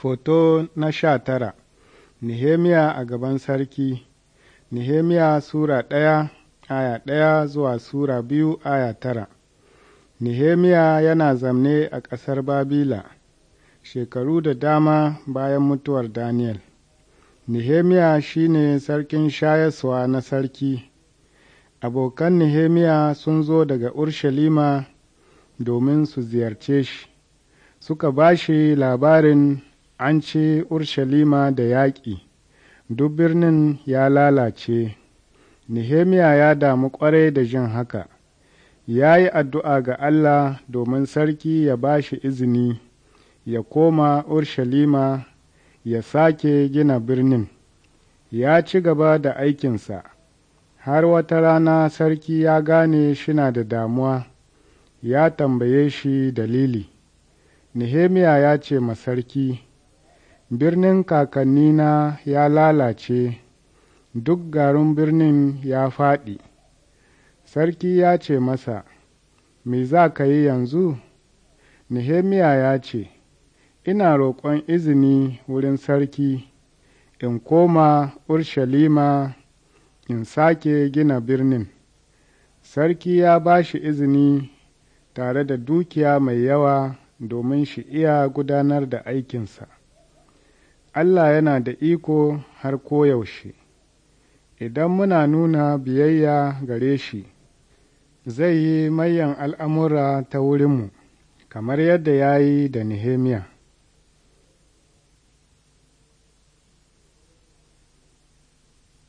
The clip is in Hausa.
Foto na sha tara Nehemiya a gaban sarki Nehemiya Sura ɗaya aya ɗaya zuwa Sura biyu aya tara Nehemiya yana zamne a ƙasar Babila shekaru da dama bayan mutuwar Daniel. Nehemiya shi ne sarkin shayaswa na sarki. Abokan Nehemiya sun zo daga Urshalima domin su ziyarce shi, suka ba shi labarin an ce urshalima da yaƙi duk birnin ya lalace nehemiya ya damu ƙwarai da jin haka ya yi addu'a ga allah domin sarki ya ba shi izini ya koma urshalima ya sake gina birnin ya ci gaba da aikinsa har wata rana sarki ya gane shina da damuwa ya tambaye shi dalili nehemiya ya ce ma sarki birnin kakannina ya lalace duk garin birnin ya faɗi sarki ya ce masa me za ka yi yanzu nehemiya ya ce ina roƙon izini wurin sarki in koma urshalima in sake gina birnin sarki ya ba shi izini tare da dukiya mai yawa domin shi iya gudanar da aikinsa Allah yana da iko har koyaushe, idan muna nuna biyayya gare shi, zai yi mayan al'amura ta wurinmu, kamar yadda ya yi da Nehemiya.